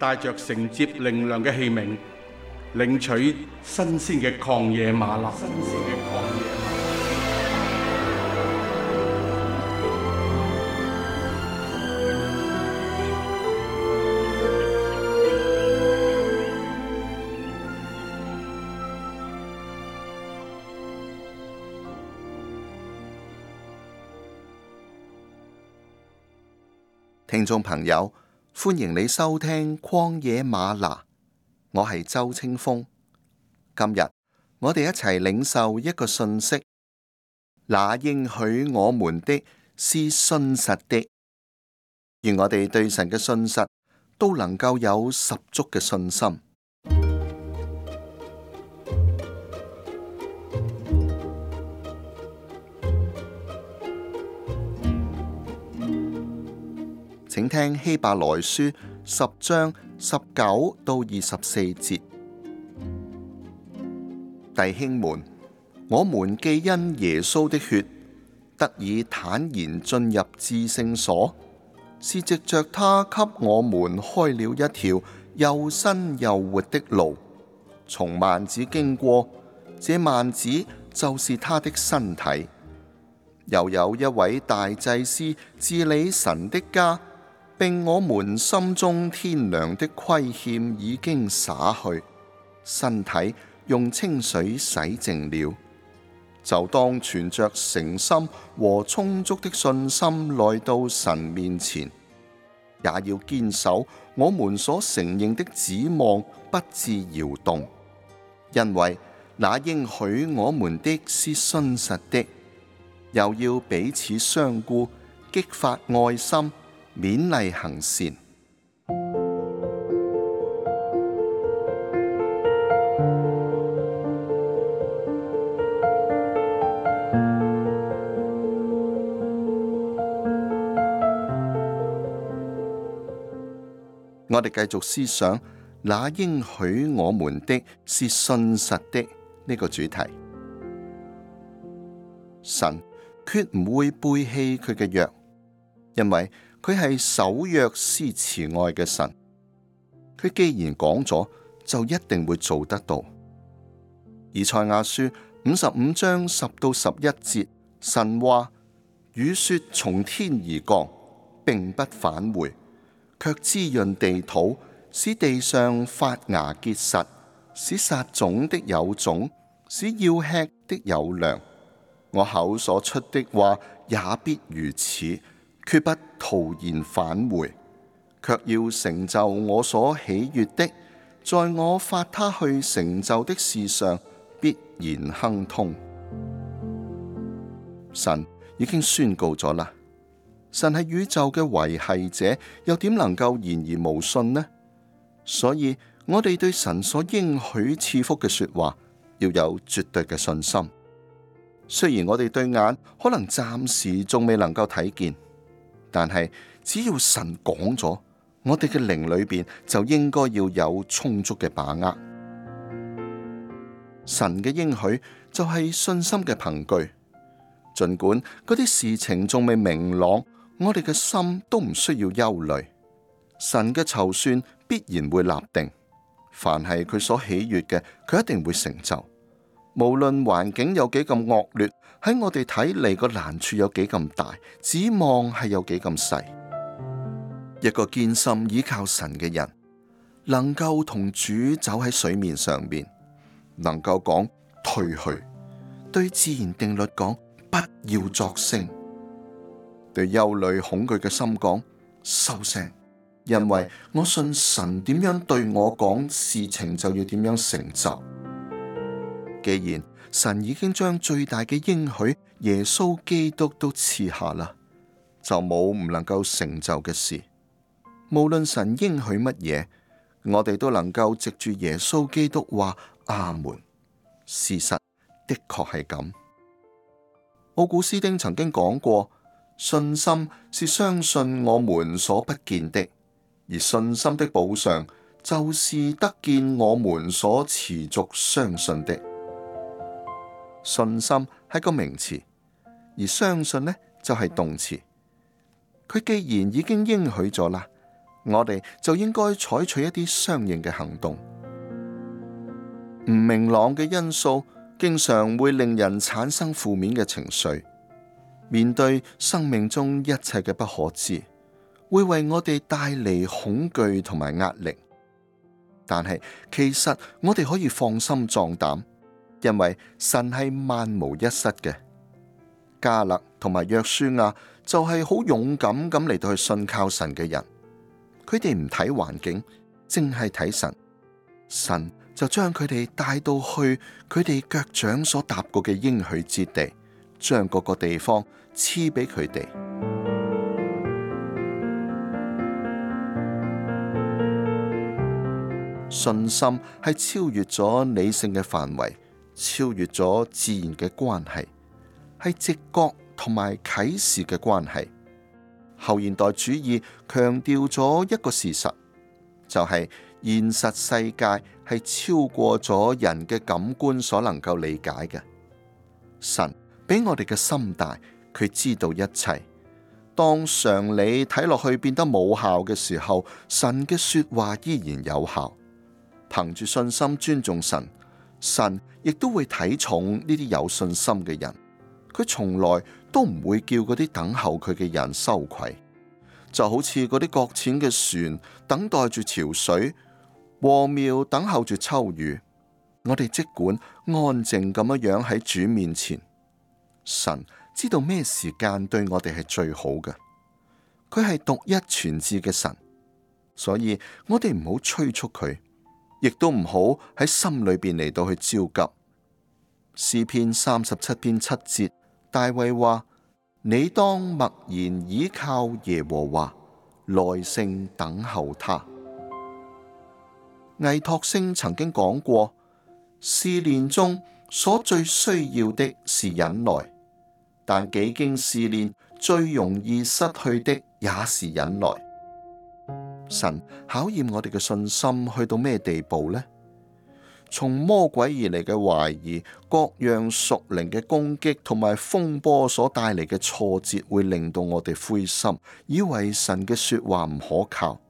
帶着承接靈糧嘅器皿，領取新鮮嘅曠野嗎哪。新鮮嘅曠野嗎哪。聽眾朋友。歡迎你收聽《曠野嗎哪》，我係周清風。今日我哋一齊領受一個信息，那應許我們的是信實的，願我哋對神嘅信實都能夠有十足嘅信心。請聽希伯來書十章十九到二十四節。弟兄們，我們既因耶穌的血得以坦然進入至聖所，是藉着着他給我們開了一條又新又活的路，從幔子經過。這幔子就是他的身體。又有一位大祭司治理神的家。並我們心中天良的虧欠已經灑去，身體用清水洗淨了，就當存着誠心和充足的信心來到神面前，也要堅守我們所承認的指望，不至搖動，因為那應許我們的是信實的。又要彼此相顧，激發愛心。勉勵行善。我哋繼續思想，那應許我們的是信實的呢個主題。神決唔會背棄佢嘅約，因為。佢係守約施慈愛嘅神，佢既然講咗，就一定會做得到。以賽亞書五十五章十到十一節，神話，雨雪從天而降，並不返回，卻滋潤地土，使地上發芽結實，使撒種的有種，使要吃的有糧。我口所出的話也必如此。決不徒然返回，卻要成就我所喜悅的，在我發他去成就的事上，必然亨通。神已經宣告咗啦，神係宇宙嘅維繫者，又點能夠言而無信呢？所以我哋對神所應許賜福嘅說話，要有絕對嘅信心。雖然我哋對眼可能暫時仲未能夠睇見。但係，只要神講咗，我哋嘅靈裏邊就應該要有充足嘅把握。神嘅應許就係信心嘅憑據，儘管嗰啲事情仲未明朗，我哋嘅心都唔需要憂慮。神嘅籌算必然會立定，凡係佢所喜悅嘅，佢一定會成就。無論環境有幾咁惡劣，喺我哋睇嚟個難處有幾咁大，指望係有幾咁細。一個堅信依靠神嘅人，能夠同主走喺水面上面，能夠講退去，對自然定律講不要作聲，對憂慮恐懼嘅心講收聲，因為我信神點樣對我講，事情就要點樣成就。既然神已經將最大嘅應許耶穌基督都賜下啦，就冇唔能夠成就嘅事。無論神應許乜嘢，我哋都能夠藉住耶穌基督話阿門。事實的確係咁。奧古斯丁曾經講過：信心是相信我們所不見的，而信心的補償就是得見我們所持續相信的。信心係個名詞，而相信呢就係動詞。佢既然已經應許咗啦，我哋就應該採取一啲相應嘅行動。唔明朗嘅因素經常會令人產生負面嘅情緒。面對生命中一切嘅不可知，會為我哋帶嚟恐懼同埋壓力。但係其實我哋可以放心壯膽。因為神係萬無一失嘅，迦勒同埋約書亞就係好勇敢咁嚟到去信靠神嘅人，佢哋唔睇環境，淨係睇神，神就將佢哋帶到去佢哋腳掌所踏過嘅應許之地，將嗰個地方賜俾佢哋。信心係超越咗理性嘅範圍。超越咗自然嘅關係，係直覺同埋啟示嘅關係。後現代主義強調咗一個事實，就係現實世界係超過咗人嘅感官所能夠理解嘅。神比我哋嘅心大，佢知道一切。當常理睇落去變得冇效嘅時候，神嘅說話依然有效。憑住信心尊重神。神亦都會睇重呢啲有信心嘅人，佢從來都唔會叫嗰啲等候佢嘅人羞愧，就好似嗰啲擱淺嘅船等待住潮水，禾苗等候住秋雨。我哋即管安靜咁樣樣喺主面前，神知道咩時間對我哋係最好嘅，佢係獨一全智嘅神，所以我哋唔好催促佢。亦都唔好喺心裏邊嚟到去焦急。詩篇三十七篇七節，大衛話：你當默然倚靠耶和華，耐性等候他。魏托星曾經講過，試煉中所最需要的是忍耐，但幾經試煉，最容易失去的也是忍耐。神考驗我哋嘅信心去到咩地步呢？從魔鬼而嚟嘅懷疑、各樣屬靈嘅攻擊同埋風波所帶嚟嘅挫折，會令到我哋灰心，以為神嘅說話唔可靠。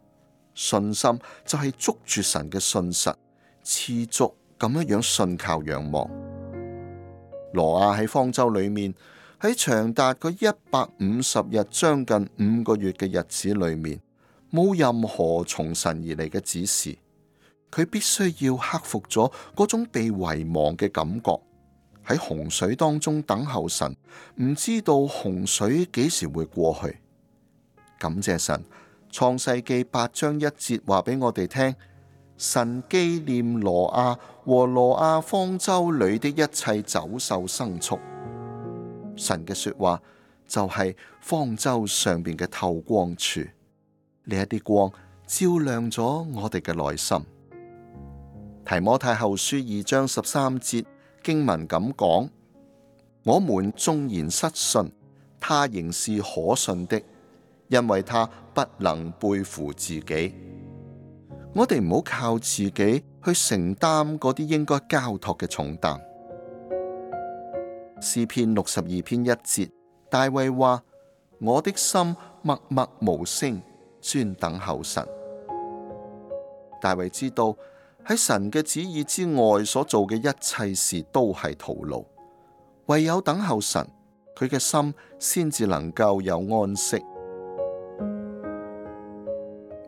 信心就係捉住神嘅信實，持續咁一樣信靠仰望。羅亞喺方舟裏面，喺長達嗰一百五十日，將近五個月嘅日子裏面。冇任何從神而嚟嘅指示，佢必須要克服咗嗰種被遺忘嘅感覺，喺洪水當中等候神，唔知道洪水幾時會過去。感謝神，創世記八章一節話俾我哋聽：神紀念羅亞和羅亞方舟裏的一切走獸、牲畜。神嘅說話就係方舟上面嘅透光柱。呢一啲光照亮咗我哋嘅內心。提摩太後書二章十三節經文咁講：我們縱然失信，他仍是可信的，因為他不能背負自己。我哋唔好靠自己去承擔嗰啲應該交託嘅重擔。 詩篇六十二篇一節，大衛話：我的心默默無聲。專等候神。大衛知道喺神嘅旨意之外所做嘅一切事都係徒勞，唯有等候神，佢嘅心先至能夠有安息。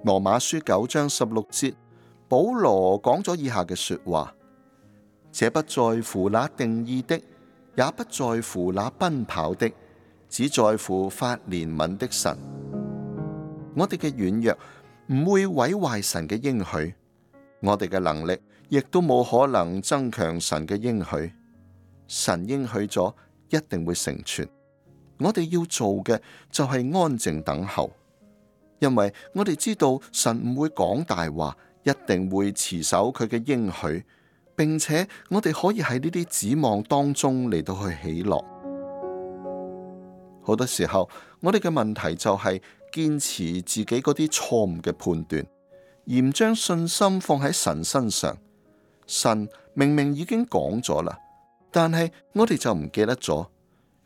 羅馬書九章十六節，保羅講咗以下嘅說話：這不在乎那定義的，也不在乎那奔跑的，只在乎發憐憫的神。我哋嘅軟弱唔會毀壞神嘅應許，我哋嘅能力亦都冇可能增強神嘅應許。神應許咗，一定會成全。我哋要做嘅就係安靜等候，因為我哋知道神唔會講大話，一定會持守佢嘅應許，並且我哋可以喺呢啲指望當中嚟到去喜樂。好多時候我哋嘅問題就係堅持自己嗰啲錯誤嘅判斷，而唔將信心放喺神身上。神明明已經講咗啦，但係我哋就唔記得咗，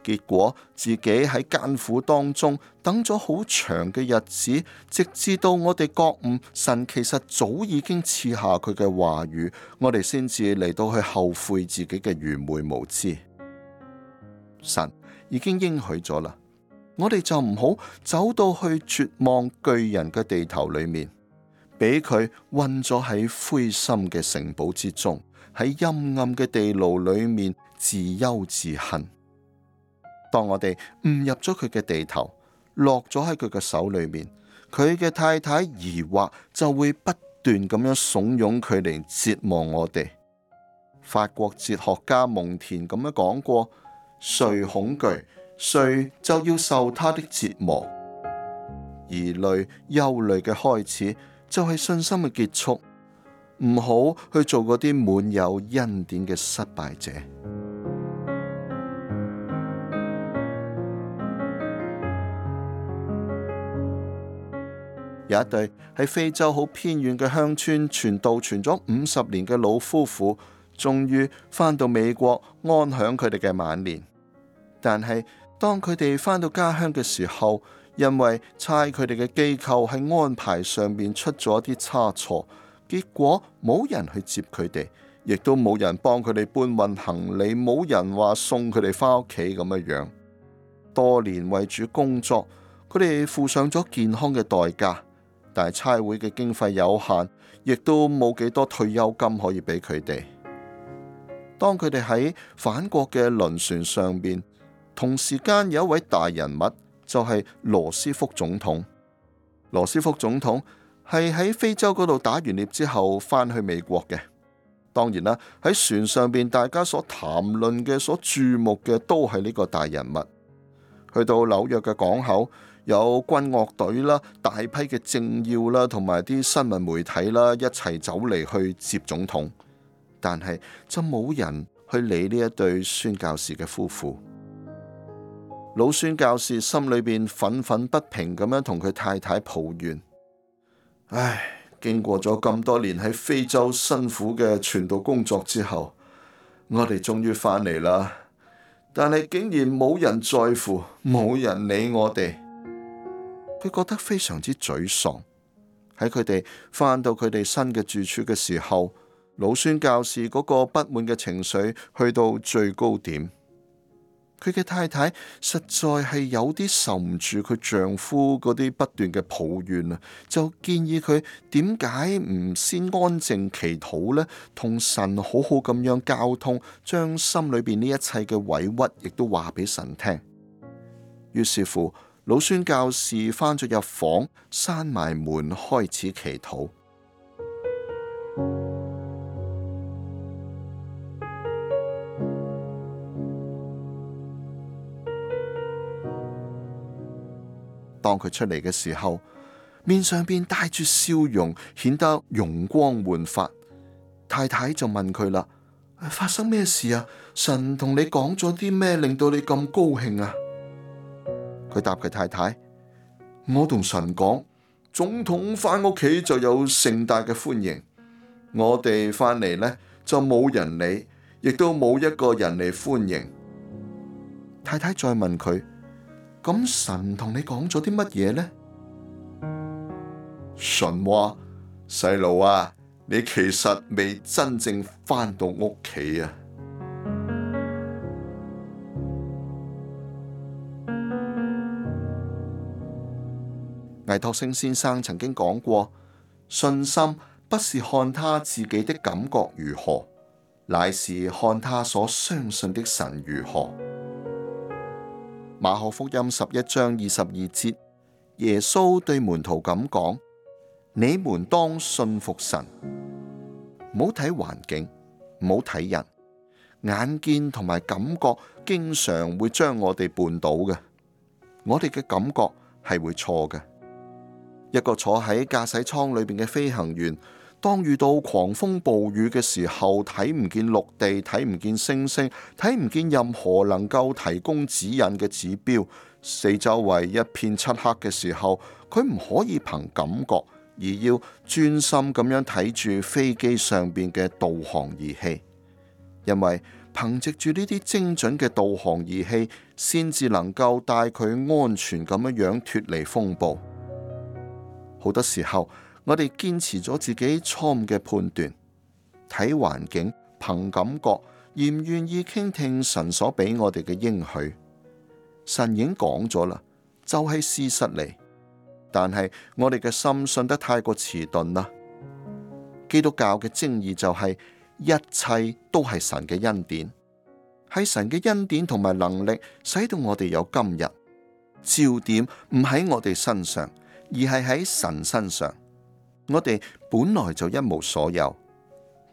結果自己喺艱苦當中等咗好長嘅日子，直至到我哋覺悟，神其實早已經賜下佢嘅話語，我哋先至嚟到去後悔自己嘅愚昧無知。神已經應許咗啦。我哋就唔好走到去絕望巨人嘅地頭裏面，俾佢困咗喺灰心嘅城堡之中，喺陰暗嘅地牢裏面自憂自恨。當我哋誤入咗佢嘅地頭，落咗喺佢嘅手裏面，佢嘅太太疑惑就會不斷咁樣慫恿佢嚟折磨我哋。法國哲學家蒙田咁樣講過：誰恐懼，誰就要受他的折磨。疑慮、憂慮嘅開始就係、是、信心嘅結束。唔好去做嗰啲滿有恩典嘅失敗者。 有一對喺非洲好偏遠嘅鄉村傳道傳咗五十年嘅老夫婦，終於返到美國安享佢哋嘅晚年，但係。當佢哋翻到家鄉嘅時候，因為差佢哋嘅機構喺安排上面出咗啲差錯，結果冇人去接佢哋，亦都冇人幫佢哋搬運行李，冇人話送佢哋翻屋企咁樣樣。多年為主工作，佢哋付上咗健康嘅代價，但係差會嘅經費有限，亦都冇幾多退休金可以俾佢哋。當佢哋喺返國嘅輪船上邊。同時間有一位大人物，就係羅斯福總統。羅斯福總統係喺非洲嗰度打完獵之後，翻去美國嘅。當然啦，喺船上邊，大家所談論嘅、所注目嘅，都係呢個大人物。去到紐約嘅港口，有軍樂隊啦、大批嘅政要啦、同埋啲新聞媒體啦，一齊走嚟去接總統。但係就冇人去理呢一對宣教士嘅夫婦。老宣教士心裏邊忿忿不平咁樣同佢太太抱怨：唉，經過咗咁多年喺非洲辛苦嘅傳道工作之後，我哋終於翻嚟啦，但係竟然冇人在乎，冇人理我哋。佢覺得非常之沮喪。喺佢哋翻到佢哋新嘅住處嘅時候，老宣教士嗰個不滿嘅情緒去到最高點。佢嘅太太實在係有啲受唔住佢丈夫嗰啲不斷嘅抱怨啊，就建議佢，點解唔先安靜祈禱呢？同神好好咁樣交通，將心裏邊呢一切嘅委屈亦都話俾神聽。於是乎，老孫教士翻咗入房，閂埋門，開始祈禱。當佢出嚟嘅時候，面上邊帶住笑容，顯得容光煥發。太太就問佢啦：發生咩事啊？神同你講咗啲咩，令到你咁高興啊？佢答佢太太：我同神講，總統翻屋企就有盛大嘅歡迎，我哋翻嚟呢就冇人理，亦都冇一個人嚟歡迎。太太再問佢。咁神同你講咗啲乜嘢呢？神話，細路啊，你其實未真正翻到屋企啊！魏托星先生曾經講過，信心不是看他自己的感覺如何，乃是看他所相信的神如何。馬可福音十一章二十二節，耶穌對門徒咁講：你們當信服神，唔好睇環境，唔好睇人，眼見同埋感覺經常會將我哋絆倒嘅。我哋嘅感覺係會錯嘅。一個坐喺駕駛艙裏面嘅飛行員。當遇到狂風暴雨嘅時候，睇唔見陸地，睇唔見星星，睇唔見任何能夠提供指引嘅指標，四周圍一片漆黑嘅時候，佢唔可以憑感覺，而要專心咁樣睇住飛機上邊嘅導航儀器，因為憑借住呢啲精準嘅導航儀器，先至能夠帶佢安全咁樣脫離風暴。好多時候。我哋堅持咗自己錯誤嘅判斷，睇環境、憑感覺，而唔願意傾聽神所俾我哋嘅應許。神已經講咗啦，就係事實嚟。但係我哋嘅心信得太過遲鈍啦。基督教嘅正義就係一切都係神嘅恩典，係神嘅恩典同埋能力，使到我哋有今日。焦點唔喺我哋身上，而係喺神身上。我哋本來就一無所有，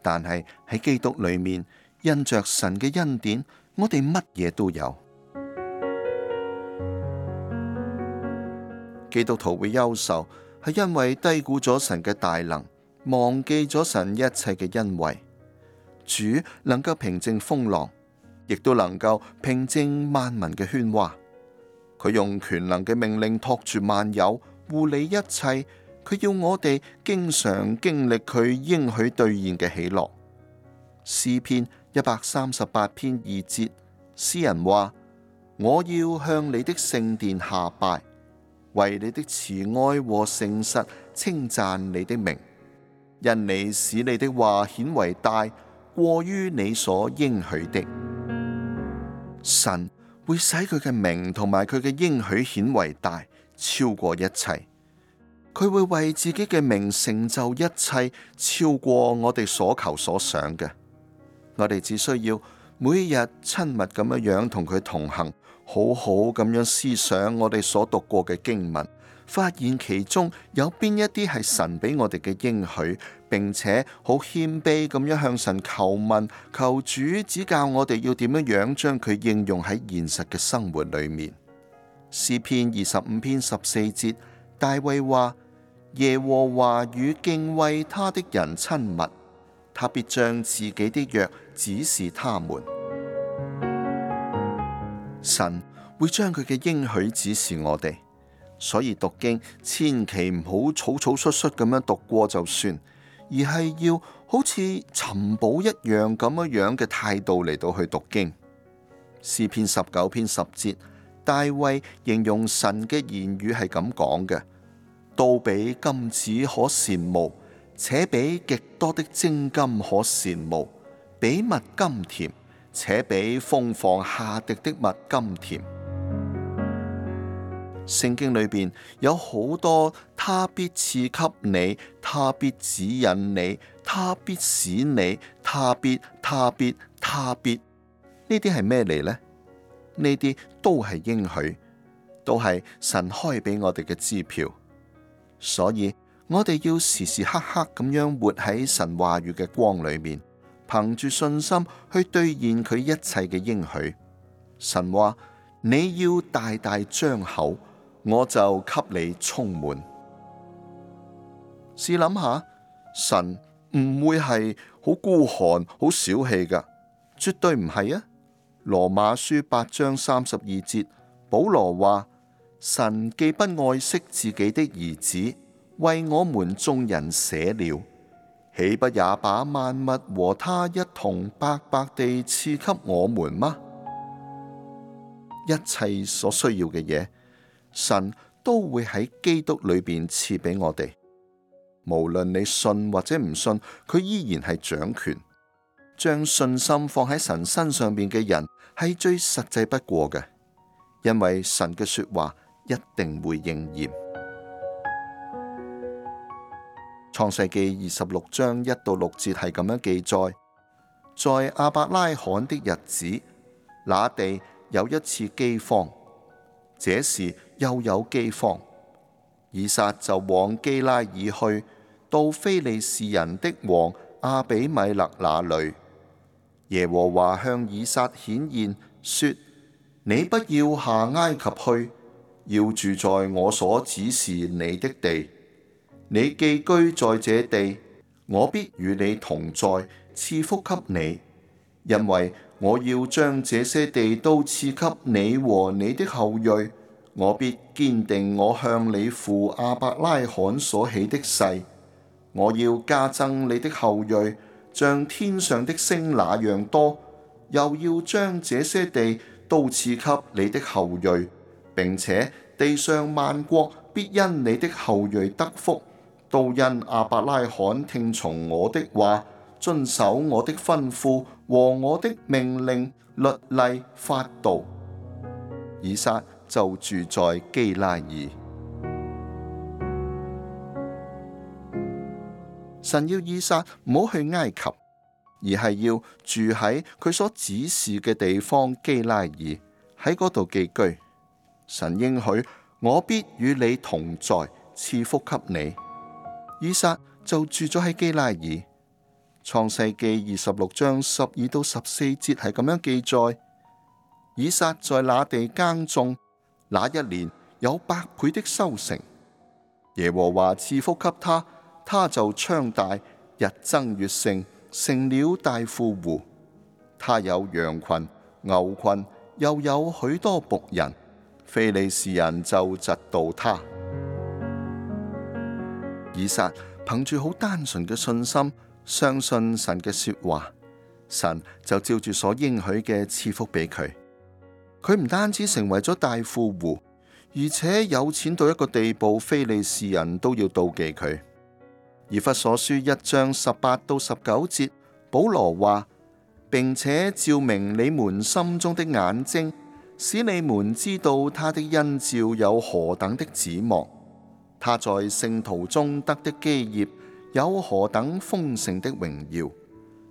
但係喺基督裏面因着神嘅恩典，我哋乜嘢都有。基督徒會憂愁，係因為低估咗神嘅大能，忘記咗神一切嘅恩惠。主能夠平靜風浪，亦都能夠平靜萬民嘅喧嘩。佢用權能嘅命令托住萬有，護理一切。佢要我哋經常經歷佢應許兌現嘅喜樂。詩篇一百三十八篇二節，詩人話：我要向你的聖殿下拜，為你的慈愛和誠實稱讚你的名，因你使你的話顯為大，過於你所應許的。神會使佢嘅名同埋佢嘅應許顯為大，超過一切。佢會為自己嘅名成就一切，超過我哋所求所想嘅。我哋只需要每日親密咁樣樣同佢同行，好好咁樣思想我哋所讀過嘅經文，發現其中有邊一啲係神俾我哋嘅應許，並且好謙卑咁樣向神求問，求主指教我哋要點樣樣將佢應用喺現實嘅生活裏面。詩篇二十五篇十四節，大衛話。耶和華與敬畏他的人親密，他必將自己的約指示他們。神會將佢嘅應許指示我哋，所以讀經千祈唔好草草率率咁樣讀過就算，而係要好似尋寶一樣咁樣樣嘅態度嚟到去讀經。詩篇十九篇十節，大衛形容神嘅言語係咁講嘅。都比金子可羨慕，且比極多的精金可羨慕。比蜜甘甜，且比蜂房下滴的蜜甘甜。聖經裏邊有好多，他必賜給你，他必指引你，他必使你，他必他必他必呢啲係咩嚟呢？呢啲都係應許，都係神開俾我哋嘅支票。所以，我哋要時時刻刻咁樣活喺神話語嘅光裏面，憑住信心去兌現佢一切嘅應許。神話，你要大大張口，我就給你充滿。試諗下，神唔會係好孤寒、好小氣噶，絕對唔係啊！羅馬書八章三十二節，保羅話。神既不愛惜自己的兒子，為我們眾人捨了，豈不也把萬物和他一同白白地賜給我們嗎？一切所需要嘅嘢，神都會喺基督裏邊賜俾我哋。無論你信或者唔信，佢依然係掌權。將信心放喺神身上邊嘅人，係最實際不過嘅，因為神嘅說話。一定會應驗。創世記二十六章一到六節係咁樣記載：在亞伯拉罕的日子，那地有一次饑荒，這時又有饑荒。以撒就往基拉耳去，到非利士人的王亞比米勒那裏。耶和華向以撒顯現，說：你不要下埃及去。要住在我所指示你的地，你寄居在這地，我必與你同在，賜福給你。因為我要將這些地都賜給你和你的後裔，我必堅定我向你父亞伯拉罕所起的誓。我要加增你的後裔，像天上的星那樣多，又要將這些地都賜給你的後裔。並且地上萬國必因你的後裔得福，都因亞伯拉罕聽從我的話，遵守我的吩咐和我的命令、律例、法度。以撒就住在基拉耳。神要以撒唔好去埃及，而係要住喺佢所指示嘅地方基拉耳，喺嗰度寄居。神應許，我必與你同在，賜福給你。以撒就住咗喺基拉爾。創世紀二十六章十二到十四節係咁樣記載：以撒在那地耕種，那一年有百倍的收成。耶和華賜福給他，他就昌大，日增月盛，成了大富戶。他有羊群、牛群，又有許多僕人。非利士人就嫉妒他，以撒憑住好單純嘅信心，相信神嘅說話，神就照住所應許嘅賜福俾佢。佢唔單止成為咗大富戶，而且有錢到一個地步，非利士人都要妒忌佢。以弗所書一章十八到十九節，保羅話，並且照明你們心中的眼睛。使你們知道他的恩召有何等的指望，他在聖徒中得的基業有何等豐盛的榮耀，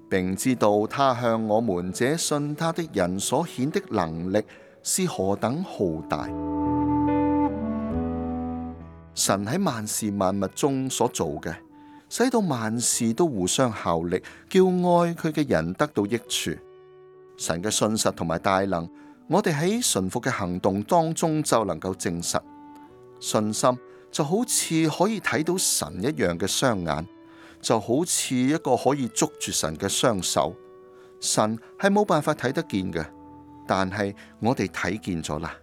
並知道他向我們這信他的人所顯的能力是何等浩大。神喺萬事萬物中所做嘅，使到萬事都互相效力，叫愛佢嘅人得到益處。神嘅信實同埋大能。我哋喺順服嘅行動當中就能夠證實信心，就好似可以睇到神一樣嘅雙眼，就好似一個可以捉住神嘅雙手。神係冇辦法睇得見嘅，但係我哋睇見咗啦。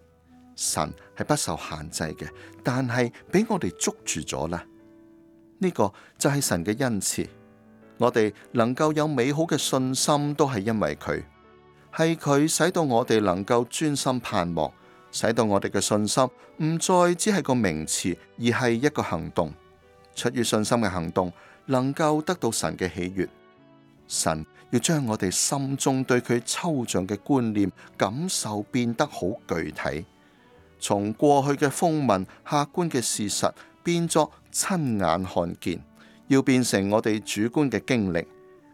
神係不受限制嘅，但係俾我哋捉住咗啦。呢、這個就係神嘅恩賜，我哋能夠有美好嘅信心都係因為佢。係佢使到我哋能夠專心盼望，使到我哋嘅信心唔再只係個名詞，而係一個行動。出於信心嘅行動，能夠得到神嘅喜悅。神要將我哋心中對佢抽象嘅觀念感受變得好具體，從過去嘅風聞、客觀嘅事實變作親眼看見，要變成我哋主觀嘅經歷。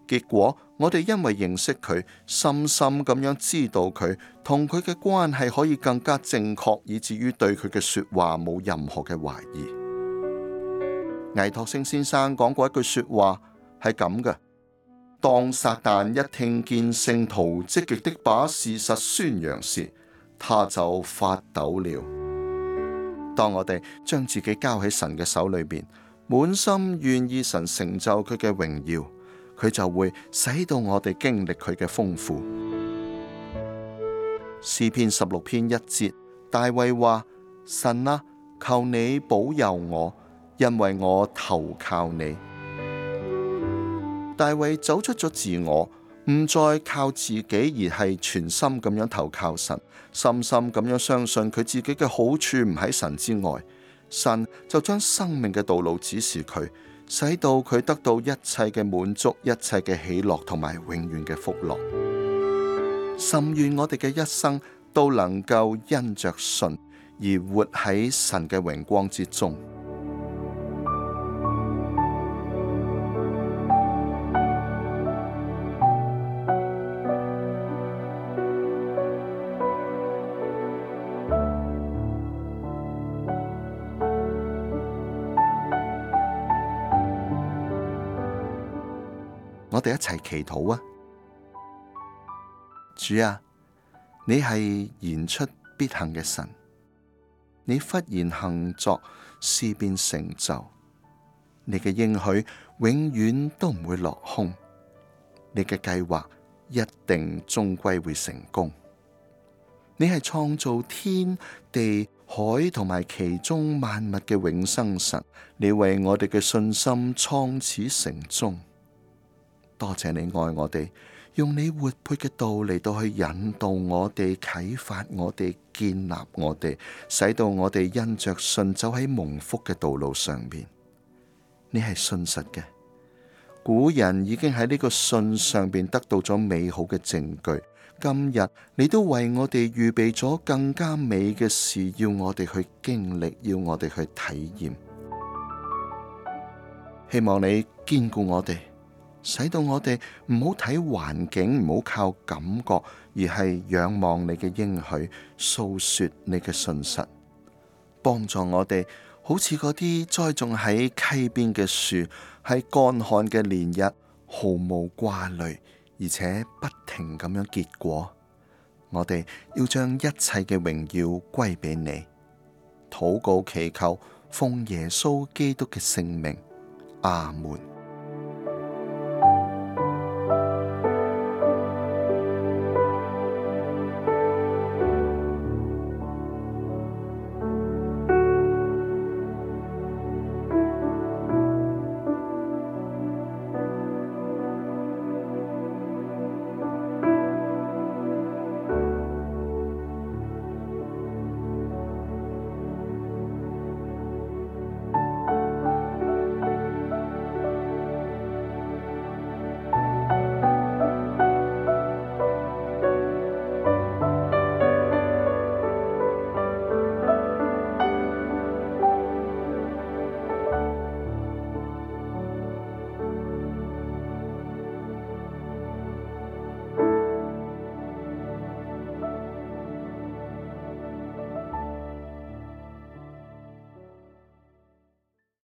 結果我哋因為認識佢，深深咁樣知道佢同佢嘅關係可以更加正確，以至於對佢嘅說話冇任何嘅懷疑。倪柝聲先生講過一句說話係咁嘅，當撒旦一聽見聖徒積極極的把事實宣揚時，他就發抖了。當我哋將自己交喺神嘅手裏邊，滿心願意神成就佢嘅榮耀，佢就會使到我哋經歷佢嘅豐富。詩篇十六篇一節，大衛話：神啊，求你保佑我，因為我投靠你。大衛走出咗自我，唔再靠自己，而係全心咁樣投靠神，深深咁樣相信佢自己嘅好處唔喺神之外，神就將生命嘅道路指示佢。使到佢得到一切嘅滿足，一切嘅喜樂，同埋永遠嘅福樂。甚願我哋嘅一生都能夠因着信而活喺神嘅榮光之中。我哋一齊祈禱啊！主啊，你係言出必行嘅神，你忽然行作事便成就，你嘅應許永遠都唔會落空，你嘅計劃一定終歸會成功。你係創造天地海同埋其中萬物嘅永生神，你為我哋嘅信心創始成終。多謝你愛我哋，用你活潑嘅道嚟到去引導我哋、啟發我哋、建立我哋，使到我哋因着信走喺蒙福嘅道路上面。你係信實嘅，古人已經喺呢個信上邊得到咗美好嘅證據。今日你都為我哋預備咗更加美嘅事，要我哋去經歷，要我哋去體驗。希望你堅固我哋。使到我哋唔好睇環境，唔好靠感覺，而係仰望你嘅應許，訴說你嘅信實，幫助我哋，好似嗰啲栽種喺溪邊嘅樹，喺乾旱嘅年日毫無掛慮，而且不停咁樣結果。我哋要將一切嘅榮耀歸俾你，禱告祈求，奉耶穌基督嘅聖名，阿門。